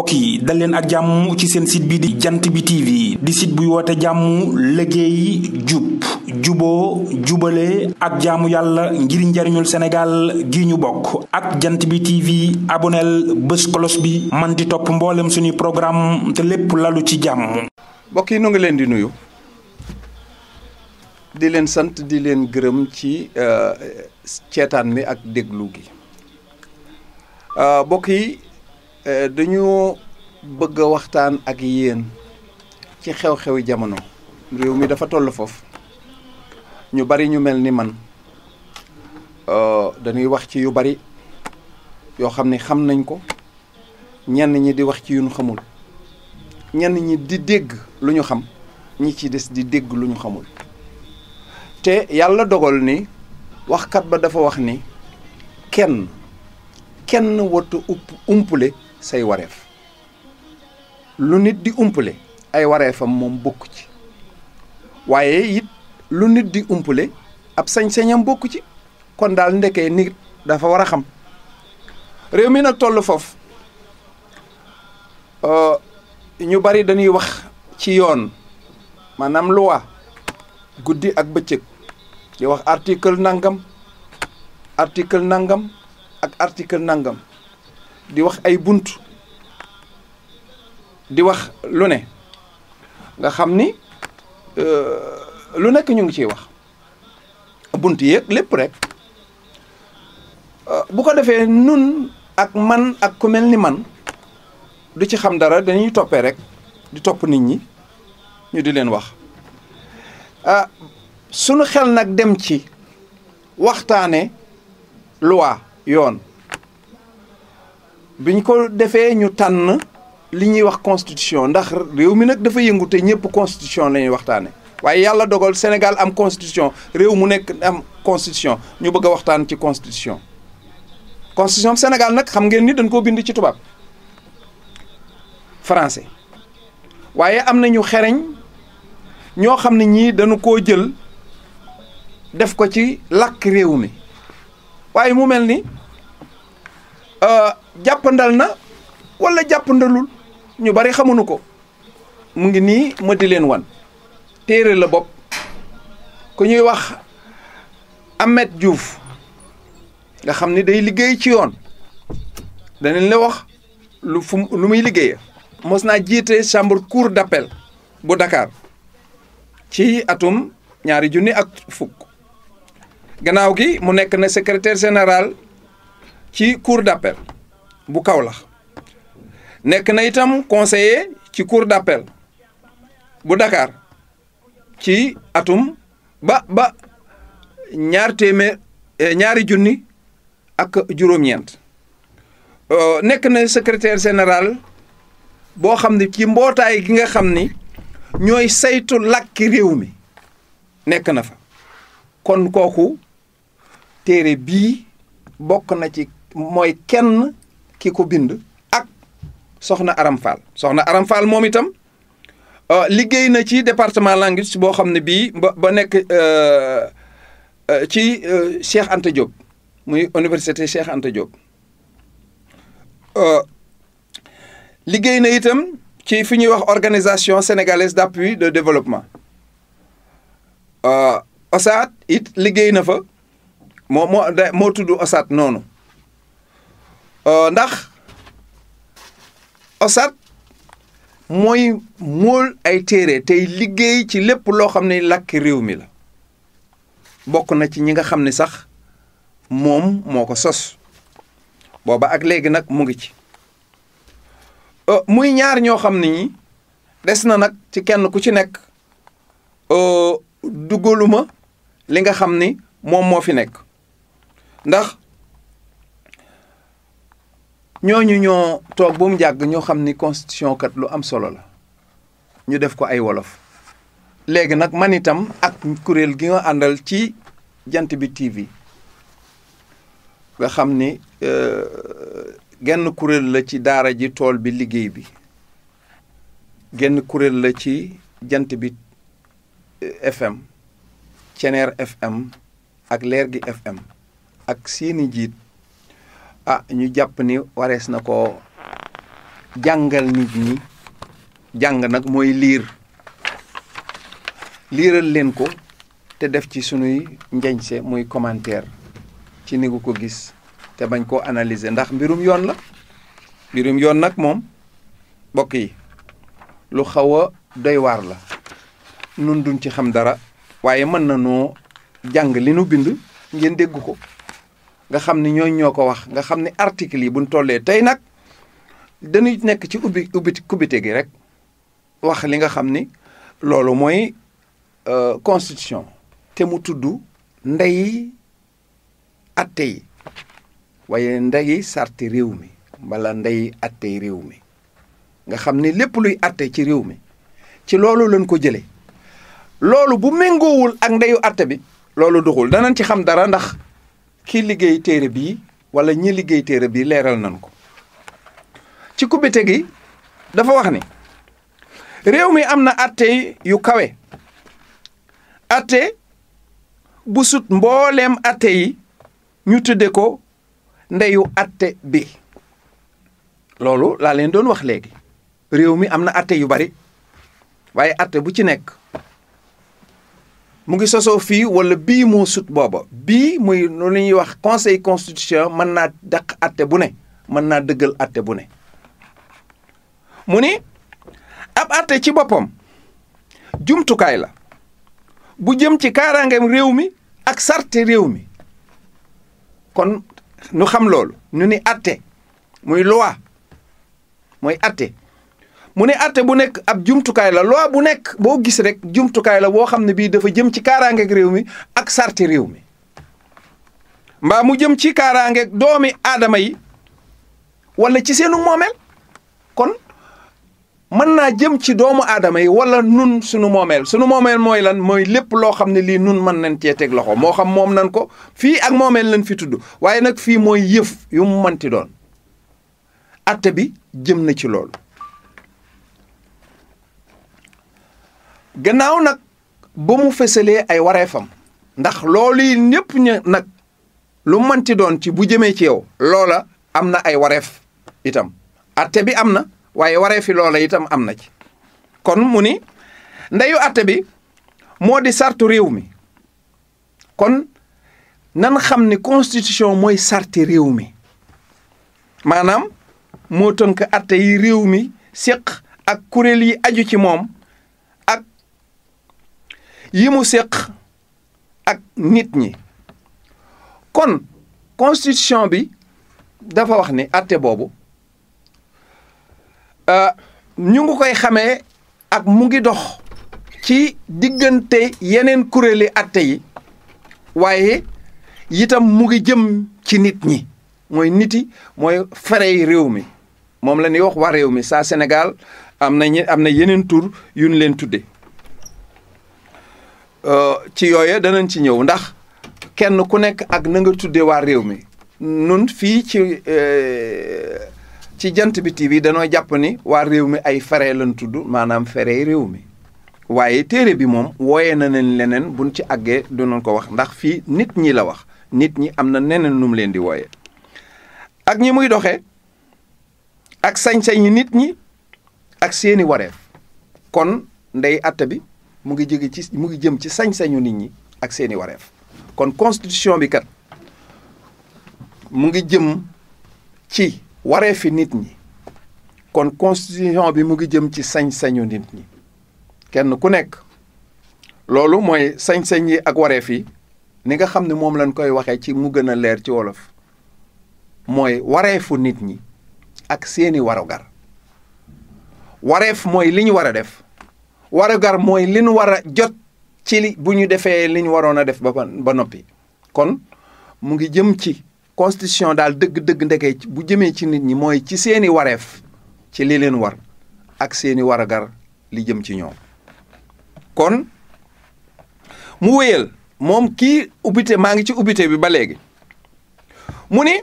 mbokk yi dal leen ak jàmm ci seen site bi di jant bi TV di site buy woote jàmm liggéey jub juboo jubale ak jaamu yàlla ngir njariñul senegal gi ñu bokk ak jant bi TV aboneel bés kolos bi man di topp mbooleem suñuy programme te lépp lalu ci jàmm. mbokk yi nu ngi leen di nuyu di leen sant di leen gërëm ci ceetaan euh, bi ak déglu gi euh, Eh, dañoo bëgg a waxtaan ak yéen ci xew xew jamono réew mi dafa toll foofu ñu bari ñu mel ni man eh, dañuy wax ci yu bari yoo xam ni xam nañ ko ñenn ñi di wax ci yu ñu xamul ñenn ñi di dégg lu ñu xam ñi ci des di dégg lu ñu xamul te yàlla dogal ni waxkat ba dafa wax ni kenn kenn watu upp umpule say wareef lu nit di umpale ay wareefam moom bokk ci waaye it lu nit di umpale ab sañ-sañam bokk ci kon daal ndekee nit dafa war a xam réew mi nag toll foofu ñu bari dañuy wax ci yoon maanaam loi guddi ak bëccëg di wax artikël nangam article nangam ak article nangam di wax ay bunt di wax lu ne nga xam ni euh, lu nekk ñu ngi ciy wax bunt yeeg lépp rek euh, bu ko defee nun ak man ak ku mel ni man du ci xam dara dañuy toppee rek di topp nit ñi ñu di leen wax ah sunu xel nag dem ci waxtaane loi yoon bi ñu ko defee ñu tànn li ñuy wax constitution ndax réew mi nag dafa yëngu te ñëpp constitution la ñuy waxtaane waaye yàlla dogal Sénégal am constitution réew mu nekk am constitution ñu bëgg a waxtaan ci constitution constitution Sénégal nag xam ngeen ni dañ koo bind ci tubaab français waaye am nañu xereñ ñoo xam ne ñii dañu ko jël def ko ci làkk réew mi waaye mu mel ni Euh, jàppandal na walla jàppandalul ñu bari xamuñu ko mu ngi nii ma di leen wan téere la bopp ku ñuy wax Ahmed Diouf nga xam ni day liggéey ci yoon danañ la wax lu fu lu muy liggéey mos naa jiite chambre cour d'appel bu Dakar ci atum ñaari junni ak fukk gannaaw gi mu nekk na secrétaire général ci cour d'appel bu Kaolack nekk na itam conseiller ci cour d'appel bu Dakar ci atum ba ba ñaar téeméer eh, ñaari junni ak juróom-ñeent euh, nekk na secrétaire général boo xam ne ci mbootaay gi nga xam ni ñooy saytu làkki réew mi nekk na fa kon kooku téere bii bokk na ci mooy kenn ki ko bind ak soxna Aram soxna Aram moom itam euh, liggéey na ci département langues boo xam ne bii ba ba nekk euh, euh, ci Cheikh Anta Diop muy université Cheikh Anta Diop liggéey na itam ci fi ñuy wax organisation sénégalaise d'appui de développement OSAT it liggéey na fa moo moo tudd OSAT noonu Euh, ndax OSAT mooy mool ay téere tey liggéey ci lépp loo xam ne làkk réew mi la bokk na ci ñi nga xam ni sax moom moo ko sos booba ak léegi nag mu ngi ci euh, muy ñaar ñoo xam ne ñi des na nag ci kenn ku ci nekk euh, dugaluma li nga xam ni moom moo fi nekk ndax ñooñu ñoo toog ba mu jàgg ñoo xam ni constitution kat lu am solo la ñu def ko ay wolof léegi nag man itam ak kuréel gi nga àndal ci jant bi TV nga xam ni euh, genn kuréel la ci daara ji tool bi liggéey bi genn kuréel la ci jant bi euh, FM Ceneer FM ak Leer gi FM ak seeni jiit ah ñu jàpp ni warees na ko jàngal nit ñi jàng nag mooy liir liiral leen ko te def ci sunuy njeñse muy commentaire ci ni gu ko gis te bañ koo analyser ndax mbirum yoon la mbirum yoon nag moom mbokk yi lu xaw a doy waar la nun duñ ci xam dara waaye mën na noo jàng li nu bind ngeen dégg ko nga xam ni ñooñu ñoo ko wax nga xam ni article yi buñ tollee tey nag dañuy nekk ci ubbi ubbi kubité gi rek wax li nga xam ni loolu mooy euh, constitution te mu tudd ndeyi atte yi waaye ndeyi sarti réew mi wala ndey atte yi réew mi nga xam ni lépp luy atte ci réew mi ci loolu lañ ko jëlee loolu bu méngoowul ak ndeyu atte bi loolu duxul danañ ci xam dara ndax ki liggéey téere bii wala ñi liggéey téere bii leeral nañ ko ci kubite gi dafa wax ni réew mi am na atte yu kawe atte bu sut mbooleem atte yi ñu tudde ko ndeyu atte bi loolu laa leen doon wax léegi réew mi am na atte yu bari waaye atte bu ci nekk mu ngi sosoo fii wala bii moo sut booba bii muy lu ñuy wax conseil constitution mën naa dàq atte bu ne mën naa dëggal atte bu ne mu ni ab atte ci boppam jumtukaay la bu jëm ci kaaraangeem réew mi ak sarte réew mi kon nu xam loolu nu ni atte muy loi mooy atte mu ne atte bu nekk ab jumtukaay la loo bu nekk boo gis rek jumtukaay la boo xam ne bii dafa jëm ci kaaraangeeg réew mi ak sarti réew mi mbaa mu jëm ci kaaraangeeg doomi aadama yi wala ci seenu moomeel kon mën naa jëm ci doomu aadama yi wala nun sunu moomeel sunu moomeel mooy lan mooy lépp loo xam ne lii nun mën nañ cee teg loxo moo xam moom nan ko fii ak moomeel lañ fi tudd waaye nag fii mooy yëf yu mu mënti doon atte bi jëm na ci loolu gannaaw nag ba mu fësalee ay wareefam ndax loolu yi ñépp nag lu manti doon ci bu jëmee ci yow loola am na ay wareef itam atte bi am na waaye wareefi loola itam am na ci kon mu ni ndeyu atte bi moo di sartu réew mi kon nan xam ni constitution mooy sarti réew mi maanaam moo tënk atte yi réew mi séq ak kuréel yi aju ci moom yi mu séq ak nit ñi kon constitution bi dafa wax ni àtte boobu euh, ñu ngi koy xamee ak mu ngi dox ci diggante yeneen kuréeli àtte yi waaye itam mu ngi jëm ci nit ñi mooy nit yi mooy ferey réew mi moom la ñuy wax waa réew mi saa Sénégal am na am na yeneen tur yu ñu leen tudde Euh, ci yooye danañ ci ñëw ndax kenn ku nekk ak nanga nga tuddee waa réew mi nun fii ci euh, ci jant bi TV danoo jàpp ni waa réew mi ay fare lañ tudd maanaam fere réew mi waaye téere bi moom wooyee na leen leneen buñ ci àggee du dinañ ko wax ndax fii nit ñi la wax nit ñi am na neneen nu leen di wooye ak ñi muy doxe ak sañ-sañ yi nit ñi ak seeni wareef kon ndey atta bi mu ngi jóge ci mu ngi jëm ci sañ-sañu nit ñi ak seeni wareef kon constitution bi kat mu ngi jëm ci wareefi nit ñi kon constitution bi mu ngi jëm ci sañ-sañu nit ñi kenn ku nekk loolu mooy sañ-sañ yi ak wareef yi ni nga xam ne moom lañ koy waxee ci mu gën a leer ci wolof mooy wareefu nit ñi ak seeni warugar wareef mooy li ñu war a def warugar mooy li ñu war a jot ci bu ñu defee li waroon a def ba ba noppi kon mu ngi jëm ci constitution daal dëgg-dëgg ndekee bu jëmee ci nit ñi mooy ci seeni wareef ci li leen war ak seeni warugar li jëm ci ñoom kon mu wéyal moom kii ubbite maa ngi ci ubbite bi ba léegi mu ni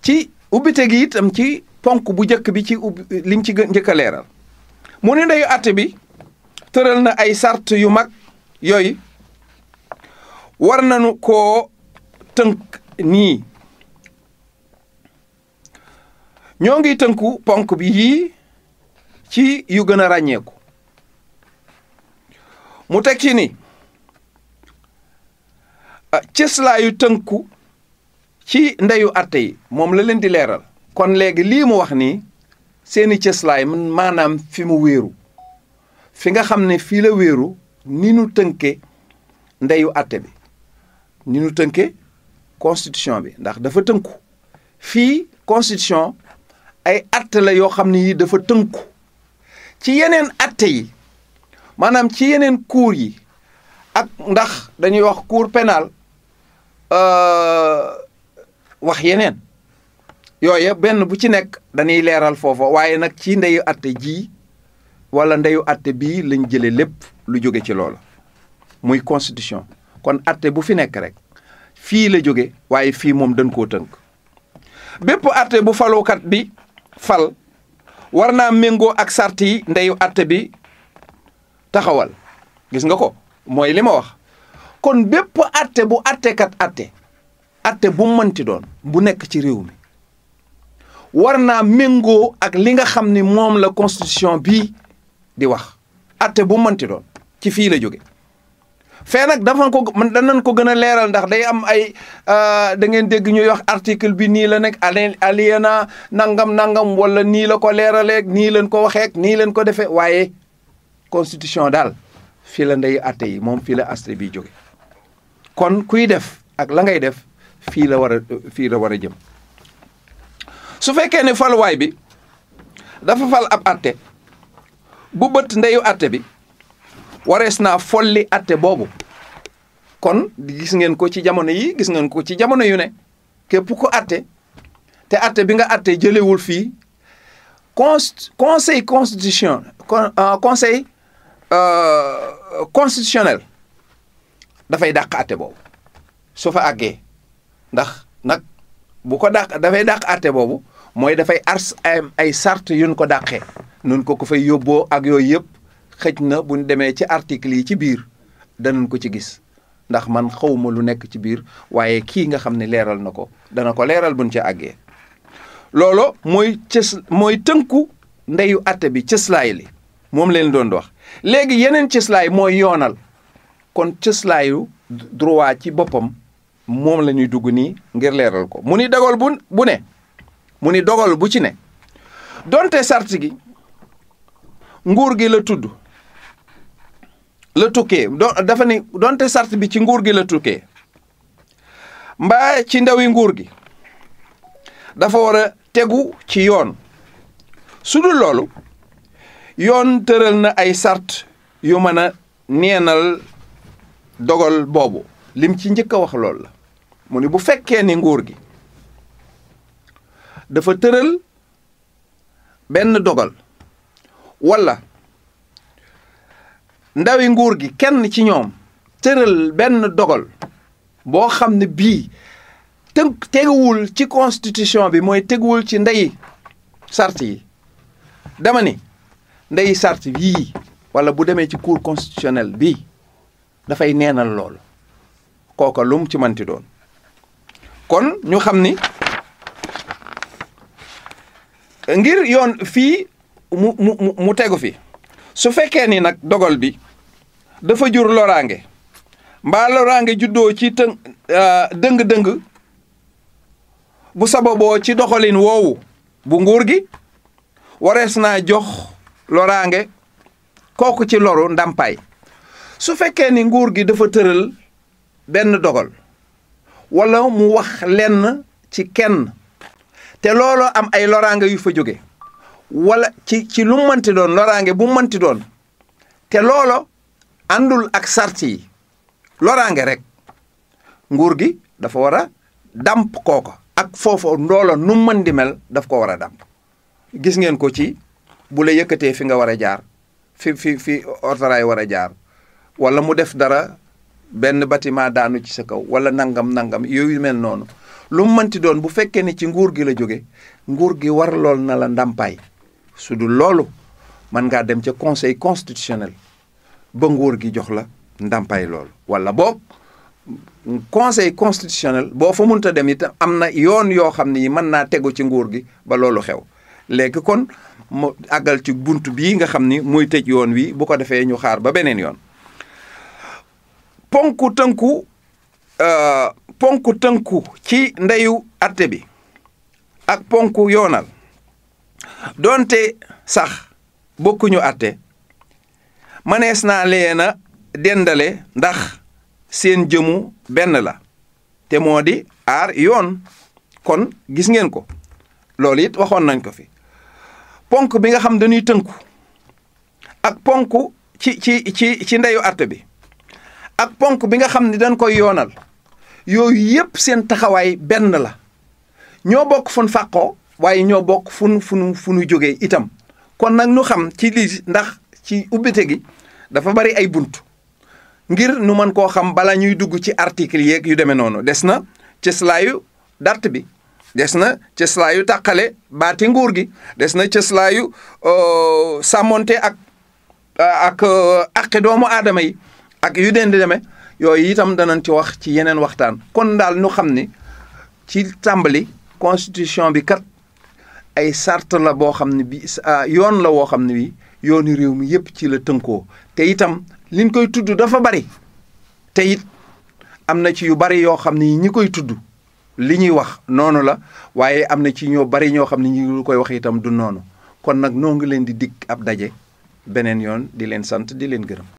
ci ubbite gi itam ci ponk bu njëkk bi ci ubbi liñ mu ci njëkk a leeral mu ne ndeyu àtte bi tëral na ay sart yu mag yooyu war nañu koo tënk nii ñoo ngi tënku ponk bi yii ci yu gën a ràññeeku mu teg ni ah, cëslaayu tënku ci ndeyu àtte yi moom la leen di leeral kon léegi lii mu wax nii seeni cëslaay man maanaam fi mu wéeru fi nga xam ne fii la wéeru ni nu tënke ndeyu àtte bi ni nu tënke constitution bi ndax dafa tënku fii constitution ay àtte la yoo xam ne yi dafa tënku ci yeneen àtte yi maanaam ci yeneen cour yi ak ndax dañuy wax cour pénal euh, wax yeneen yooya benn bu ci nekk dañuy leeral foofa waaye nag ci ndeyu atte jii wala ndeyu atte bii lañ jëlee lépp lu jóge ci loola muy constitution kon atte bu fi nekk rek fii la jóge waaye fii moom dañ koo tënk bépp atte bu falukat bi fal war naa méngoo ak sart ndeyu atte bi taxawal gis nga ko mooy li ma wax kon bépp atte bu attekat atte atte bu mënti doon bu nekk ci réew mi war naa méngoo ak li nga xam ni moom la constitution bi di wax atte bu mënti doon ci fii la jóge fee nag dafa ko danañ ko gën a leeral ndax day am ay euh, da ngeen dégg ñuy wax article bi nii la nekk a aliena nangam nangam wala nii la ko leeraleeg nii leen ko waxeek nii leen ko defee waaye constitution daal fii la ndey atte moom fii la aste bi jóge kon kuy def ak la ngay def fii la war a fii la war a jëm su fekkee ne faluwaay bi dafa fal ab atte bu bët ndeyu atte bi warees naa folli atte boobu kon gis ngeen ko ci jamono yi gis ngeen ko ci jamono yu ne képp ko atte te atte bi nga atte jëlewul fii const conseil constitution con, uh, conseil uh, constitutionnel dafay dàq atte boobu su fa àggee ndax nag bu ko dàq dafay dàq atte boobu mooy dafay ars ay sart yuñ ko dàqee nun ko ko fay yóbboo ak yooyu yëpp xëj na buñ demee ci article yi ci biir danañ ko ci gis ndax man xawma lu nekk ci biir waaye kii nga xam ne leeral na ko dana ko leeral buñ ci àggee looloo mooy cës mooy tënku ndeyu atte bi cëslaay li moom leen doon wax léegi yeneen cëslaay mooy yoonal kon cëslaayu droit ci boppam moom la ñuy dugg nii ngir leeral ko mu ni dagal bu bu ne mu ni dogal bu ci ne donte sart gi nguur gi la tudd la tukkee do dafa ni donte sart bi ci nguur gi la tukkee mbaa ci ndawi nguur gi dafa war a tegu ci yoon su dul loolu yoon tëral na ay sart yu mën a neenal dogal boobu lim ci njëkk a wax loolu la mu ni bu fekkee ni nguur gi dafa tëral benn dogal walla ndawi nguur gi kenn ci ñoom tëral benn dogal boo xam ne bii te teguwul ci constitution bi mooy teguwul ci ndey sart yi dama ni ndey sart yii walla bu demee ci kuur constitutionnelle bi dafay neenal loolu kooka lum ci manti doon kon ñu xam ni ngir yoon fii mu mu mu tegu fi su fekkee ni nag dogal bi dafa jur loraange mbaa loraange juddoo ci tëng euh, dëng-dëng bu sababoo ci doxalin woowu bu nguur gi warees naa jox loraange kooku ci loru ndàmpaay su fekkee ni nguur gi dafa tëral benn dogal walla mu wax lenn ci kenn te looloo am ay loraange yu fa jóge walla ci ci lu mënti doon loraange bu mënti doon te loolo àndul ak sart loraange rekk nguur gi dafa war a dàmp kooko ak foofu ndoola nu mën di mel daf ko war a dàmp gis ngeen ko ci bu la yëkkatee fi nga war a jaar fi fi fi ortaraay war a jaar wala mu def dara benn bâtiment daanu ci sa kaw wala nangam nangam yooyu mel noonu lu mu mënti doon bu fekkee ne ci nguur gi la jóge nguur gi war lool na la ndàmpaay su dul loolu mën ngaa dem ca conseil constitutionnel ba nguur gi jox la ndàmpaay loolu wala boobu conseil constitutionnel boo fa mënta dem itam am na yoon yoo xam ne yi mën naa tegu ci nguur gi ba loolu xew léegi kon mu àggal ci bunt bii nga xam ni muy tëj yoon wi bu ko defee ñu xaar ba beneen yoon ponku tënku. Euh, ponk tënku ci ndeyu atte bi ak ponk yoonal doonte sax bokkuñu atte mënees naa leen a dendale ndax seen jëmu benn la te moo di aar yoon kon gis ngeen ko loolu it waxoon nañ ko fi ponk bi nga xam dañuy tënku ak ponk ci ci ci ci ndeyu atte bi ak ponk bi nga xam ni dañ koy yoonal yooyu yépp seen taxawaay benn la ñoo bokk fun fàqoo waaye ñoo bokk fun funu fu nu jógee itam kon nag ñu xam ci lii ndax ci ubbite gi dafa bari ay bunt ngir nu mën koo xam bala ñuy dugg ci article yeeg yu demee noonu des na cëslaayu dart bi des na cëslaayu tàqale baati nguur gi des na cëslaayu euh, sàmmoonte ak ak aqi euh, doomu aadama yi ak yu deen deme yooyu itam danañ ci wax ci yeneen waxtaan kon daal ñu xam ni ci tàmbali constitution bi kat ay sart la boo xam ne bi ah, yoon la woo xam ne bi yoonu réew mi yépp ci la tënkoo te itam liñ koy tudd dafa bari te it am na ci yu bari yoo xam ne ñi koy tudd li ñuy wax noonu la waaye am na ci ñoo bari ñoo xam ne ñi koy wax itam du noonu kon nag noo ngi leen di dikk ab daje beneen yoon di leen sant di leen gërëm